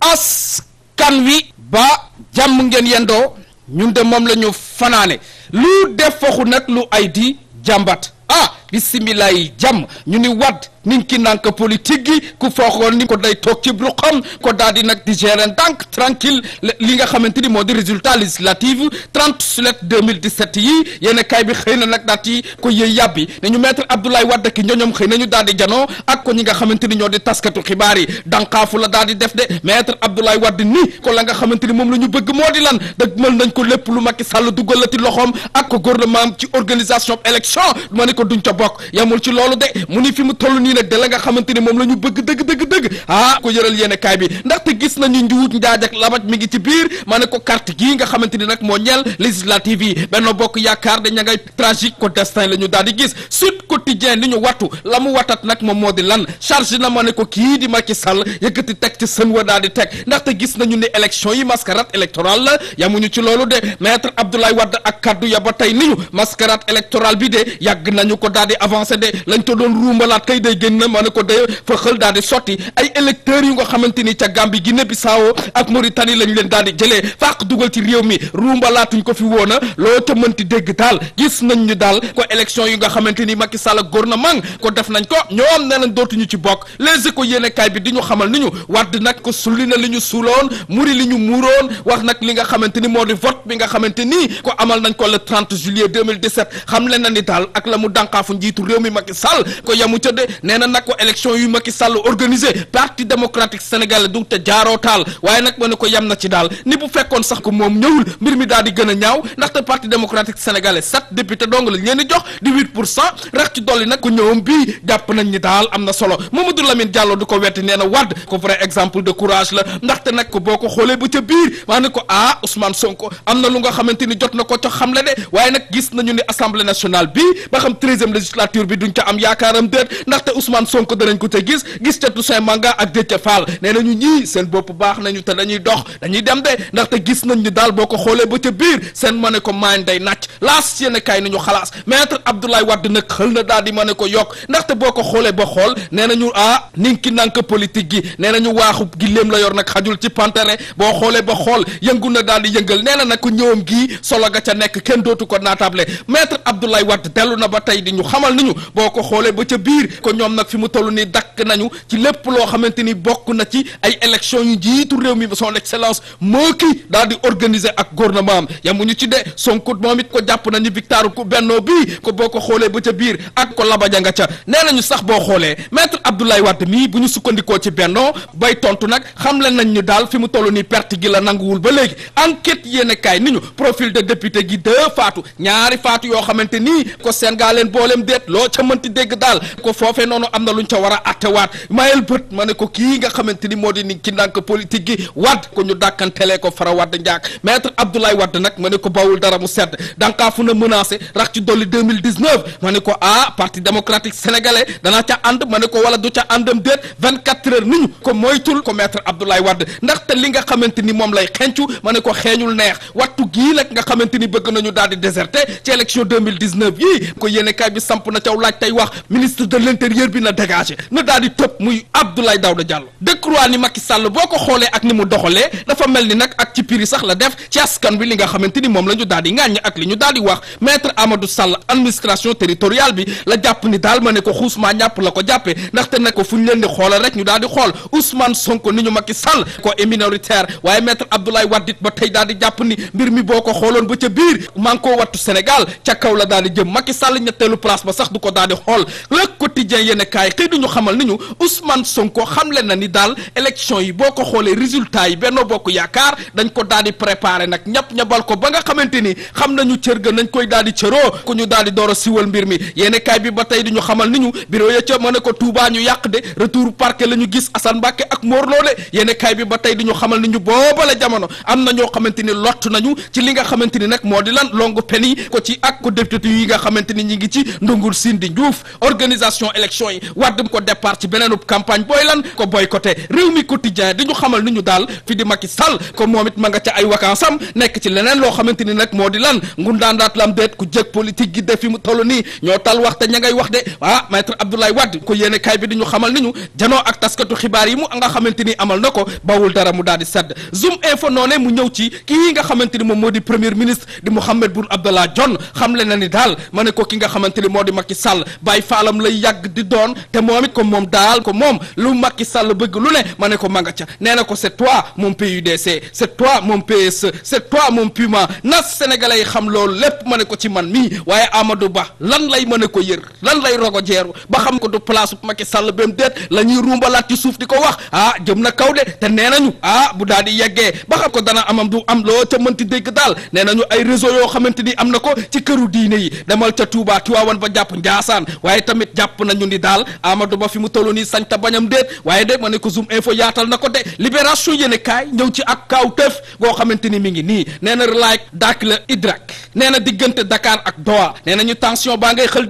askan wi ba jàmm ngeen yendoo ñun de moom la ñu fanaane lu def faxu nag lu ay di jàmbat ah bisimilah yi jàmm ñu ni wadd ninki nanka politique gi ku foogoon ni ko day toog ci ruqam ko daal nag di gérer ndànk tranquille li nga xamante ni moo di résultat législative 30 juillet 2017 yi yéen kay bi xëy na nag daat yi ko yëy yàbbi nañu maître Abdoulaye Wade ki ñoñom xëy nañu daal di janoo ak ko ñi nga xamante ni ñoo di taskatu xibaar yi dànkaafu la daal di def de maître Abdoulaye Wade ni ko la nga xamante ni moom la ñu bëgg moo di lan dëgmal nañ ko lépp lu Macky Sall dugalati loxoom ak ko gouvernement ci organisation élection ma ne ko duñ ca bokk yamul ci loolu de nag da la nga xamante ni moom la ñu bëgg dëgg dëgg dëgg ah ko yëral yéene kaay bi ndaxte gis nañu njuwut njaaj ak labaj mi ngi ci biir ma ne ko carte gii nga xamante ni nag moo ñeel législative yi benn Bokk Yaakaar daña ngay tragique ko destin la ñu daal di gis quotidien ni ñu wattu la mu watat nag moom moo di lan charge na ma ne ko kii di Macky Sall yëkkati teg ci sën wa daal di teg ndaxte gis nañu ni élection yi mascarade électorale la yamuñu ci loolu de maître Abdoulaye Wade ak kaddu ya ba tey ni ñu mascarade électorale bi de yàgg nañu ko daal avancé de lañ ko doon ruumbalaat kay day génn ma ne ko de fa xël daal di sotti ay électeurs yu nga xamante ni ca Gambie Guinée Bissau ak Mauritanie lañ leen daal di jëlee fàq dugal ci réew mi ruumbalaatuñ ko fi woona loo ca mënti dégg daal gis nañ ñu daal ko élection yu nga xamante ni Macky Macky Sall ak gouvernement ko def nañ ko ñoom nee nañ dootuñu ci bokk les éco yéene kaay bi di ñu xamal ni ñu Wàdd nag ko sulli na li ñu suuloon muri li ñu muuroon wax nag li nga xamante ni moo di vote bi nga xamante ni ko amal nañ ko le 30 juillet 2017 xam leen na ni daal ak la mu dànkaafu njiitu réew mi Macky Sall ko yamu ca de nee na nag ko élection yu Macky Sall organisé parti démocratique sénégalais du te jaaroo taal waaye nag ma ne ko yem na ci daal ni bu fekkoon sax ko moom ñëwul mbir mi daal di gën a ñaaw ndaxte parti démocratique sénégalais sept député dong la leen di jox di 8 rax ci dolli nag ku ñëwam bii jàpp nañ ni daal am na solo moom Mamadou Lamine Diallo du ko wetti nee na Wade ko vrai exemple de courage la ndaxte nag ko boo ko xoolee ba ca biir maa ne ko ah Sonko am na lu nga xamante ni jot na ko ca xamle de waaye nag gis nañu ni assemblée nationale bi ba xam treizième législature bi duñ ca am yaakaaram déet ndaxte Ousmane Sonko danañ ko ca gis gis ca Toussaint Manga ak Déthié nañu ñii seen bopp baax nañu te dañuy dox dañuy dem de ndaxte gis nañ ni daal boo ko xoolee ba ca biir seen ma ne ko maañ day nàcc laas yéen a ñu nañu xalaas maître Abdoulaye Wade nag xël na daal di mën a ko yokk ndaxte boo ko xoolee ba xool nee nañu ah ninki nànk politique gi nee na ñu waaxu giléem la yor nag xajul ci pantere boo xoolee ba xool yëngu na daal di yëngal nee na nag ñëwam gii solo ga ca nekk kenn dootu ko naatable maître Abdoulaye Wade dellu na ba tey di ñu xamal ni ñu boo ko xoolee ba ca biir ko ñoom nag fi mu toll nii dakk nañu ci lépp loo xamante ni bokk na ci ay élection yu jiitu réew mi son excellence moo ki daal di organiser ak gouvernement am yamuñu ci de Sonko ko jàpp nañu victoire ku bennoo bii ko ko xoolee ba ca biir biir ak ko labaja nga ca nee nañu sax boo xoolee maître Abdoulaye wadd mii bu ñu sukkandikoo ci bennoo bay tontu nag xam le nañ ñu daal fi mu toll nii perte gi la nanguwul ba léegi enquête yéen kaay ni ñu profil de député gi deux faatu ñaari faatu yoo xamante nii ko seen gaa leen booleem déet loo ca mënti dégg daal ko foofe noonu am na lu luñ ca war a waat mayel bët ma ne ko kii nga xamante ni moo di ni ci ndànk politique gi wadd ko ñu dàkkantelee ko fara wadd njaak maître Abdoulaye Wade nag ma ne ko bawul dara mu sedd dànkaafu na menacé rax ci dolli 2019 ma ne ko ah parti démocratique sénégalais dana ca ànd ma ne ko wala du ca àndam déet vingt quatre heures ni ñu ko moytul ko maître Abdoulaye Wade ndaxte li nga xamante ni moom lay xencu ma ne ko xeeñul neex wattu gii nag nga xamante ni bëgg nañu daal di déserté ci élection 2019 yii ko yéene kaay bi samp na caw laaj tey wax ministre de l'intérieur bi na dégagé na daal di tëb muy Abdoulaye Daouda Diallo Decroix ni Macky sàll boo ko xoolee ak ni mu doxalee dafa mel ni nag ak ci piri sax la def ci askan wi li nga xamante ni moom la ñu daal di ŋàññ ak li ñu daal di wax maître Amadou Sall administration bi la jàpp ni daal ma ne ko xuusmaa ñàpp la ko jàppee ndaxte ne ko fu ñu leen di xoolal rek ñu daal di xool Ousmane Sonko ni ñu Macky Sall ko est minoritaire waaye maître Abdoulaye Wade ba tey daal di jàpp ni mbir mi boo ko xooloon ba ca biir maa ngi koo wattu Sénégal ca kaw la daal di jëm Macky Sall ñetteelu place ba sax du ko daal di xool Le Quotidien yéen a kaay du ñu xamal ni ñu Ousmane Sonko xamle na ni daal élection yi boo ko xoolee résultat yi Benno Bokk Yaakaar dañ ko daal di préparé nag ñap ñabal ko ba nga xamante ni xam nañu cër ga nañ koy daal di cëroo ku ñu daal di siwal mbir mi yéene kaay bi ba tey di ñu xamal ni ñu bureau ya ca ma ne ko Touba ñu yàq de retour parquet la ñu gis Assane Mbacke ak Mor Lo de ñu xamal ni ñu booba la am na ñoo xamante ni lott nañu ci li nga xamante ni nag moo di lan longue yi ko ci ak ko yi nga xamante ni ñi ngi ci ndungur siin di Diouf organisation élection yi wàdd ko départ ci beneenub campagne booy lan ko boycotté réew mi quotidien di ñu xamal ni ñu daal fi di Macky sal ko moom it ma nga ca ay vacances am nekk ci leneen loo xamante ni nag moo di lan ngundaandaat lam deet ku jëg politique gi def fi mu toll nii ñoo tal dal wax wax de ah maître Abdoulaye Wade ko yéene kaay bi di ñu xamal ni ñu janoo ak taskatu xibaar yi mu nga xamante ni amal na ko bawul dara mu daal di sedd zoom info noonee mu ñëw ci kii nga xamante ni moom moo di premier ministre di Mouhamed Boun Abdallah Dionne xamle na ni daal ma ne ko ki nga xamante ni moo di Macky Sall bàyyi faalam la yàgg di doon te moom it ko moom daal ko moom lu Macky Sall bëgg lu ne ma ne ko ma nga ca nee na ko c'est toi moom PUDC c'est toi moom PSE c'est toi moom Puma nas sénégalais yi xam loolu lépp ma ne ko ci man mii waaye Amadou Ba a di ko yër lan lay rogo jeeru ba xam ko du place Macky Sall bém déet la ñuy rumbalaat ci suuf di ko wax ah jëm na kaw de te nee nañu ah, ay réseau yoo xamante ni am na ko ci këru diine yi demal ca Touba Tiwaawan ba jàpp Njaasaan waaye tamit jàpp nañu ni daal Amadou Ba fi mu toll nii sañ ta bañam déet waaye de ma ne ko Zoom info yaatal na ko de libération yéene kaay ñëw ci ak kaaw tëf goo xamante ni mi ngi nii nee na laaj daak la idrak nee na diggante Dakar ak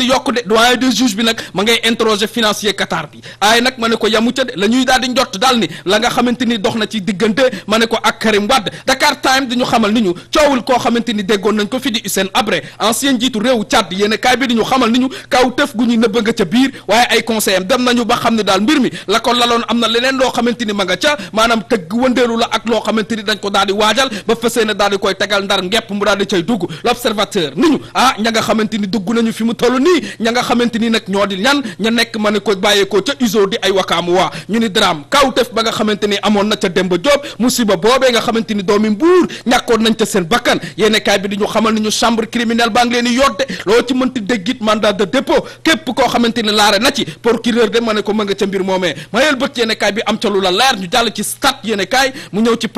yokk de doyen des juges bi nag ma ngay interroger financier Qatar bi ay nag ma ne ko yamu ca de la ñuy daal di njott daal ni la nga xamante ni dox na ci diggante ma ne ko ak Karim Wade Dakar Time ñu xamal ni ñu coowul koo xamante ni déggoon nañ ko fi di Hissène Habré ancien njiitu réew yéen kaay bi di ñu xamal ni ñu kaw tëf gu ñuy nëbba nga ca biir waaye ay conseil dem nañu ba xam ne daal mbir mi la ko laloon am leneen loo xamante ni ma nga ca maanaam tëgg wëndeelu la ak loo xamante ni dañ ko daal di waajal ba fësee daal di koy tegal ndar ngepp mu daal di cay dugg ah, ña nga xamante ni dugg nañu fi mu toll nii ni ña nga xamante ni nag ñoo di ñan ña nekk ma ne ko bàyyeekoo ca uso di ay wakaamu waa ñu ni daraam kawtef ba nga xamante ni amoon na ca dem Demba Diop musiba boobee nga xamante ni doomi mbuur ñàkkoon nañ ca seen bakkan yéene bi di ñu xamal ni ñu chambre criminelle baa ngi leen di yodde loo ci mënti déggit mandat de dépôt képp koo xamante ni laare na ci procureur de ma ne ko ma nga ca mbir moomee mayel bëgg yéene kaay bi am ca lu la leer ñu jàll ci stade yéene kaay mu ñëw ci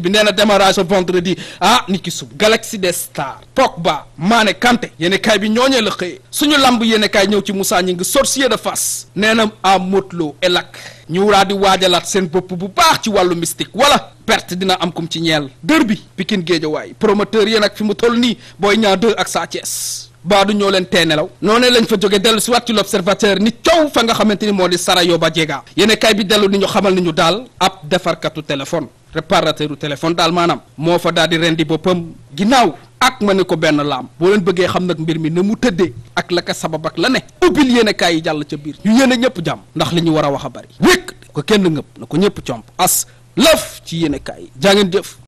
bi nee na démarrage vendredi ah ni ki sub galaxy des stars Pogba Mané Kanté yéene kaay bi ñooñee la xëyee suñu làmb yéene ñëw ci Moussa Gningue sorcier de face nee na à Modou Lo elak ñu wulaa di waajalaat seen bopp bu baax ci wàllu mystique wala perte dina am kum ci ñeel derby Pikine Guédiawaye promoteur yéen ak fi mu toll nii booy Niang 2 ak Sa baa du ñoo leen tee nelaw noonee lañ fa jóge dellu si waat ci l'observateur ni coow fa nga xamante ni moo di Sarayoba Diega yéene kaay bi dellu ni ñu xamal ni ñu daal ab defarkatu téléphone réparateur u téléphone daal maanaam moo fa daal di rendi boppam ginnaaw ak ma ne ko benn laam boo leen bëggee xam nag mbir mi ne mu tëddee ak la ka sabab ak la ne ubbil yéen kaay yi jàll ca biir ñu yéen a ñëpp jàmm ndax li ñu war a wax a bari wékk ko kenn ngëpp na ko ñëpp comp as laf ci yéen kaay yi jaa jëf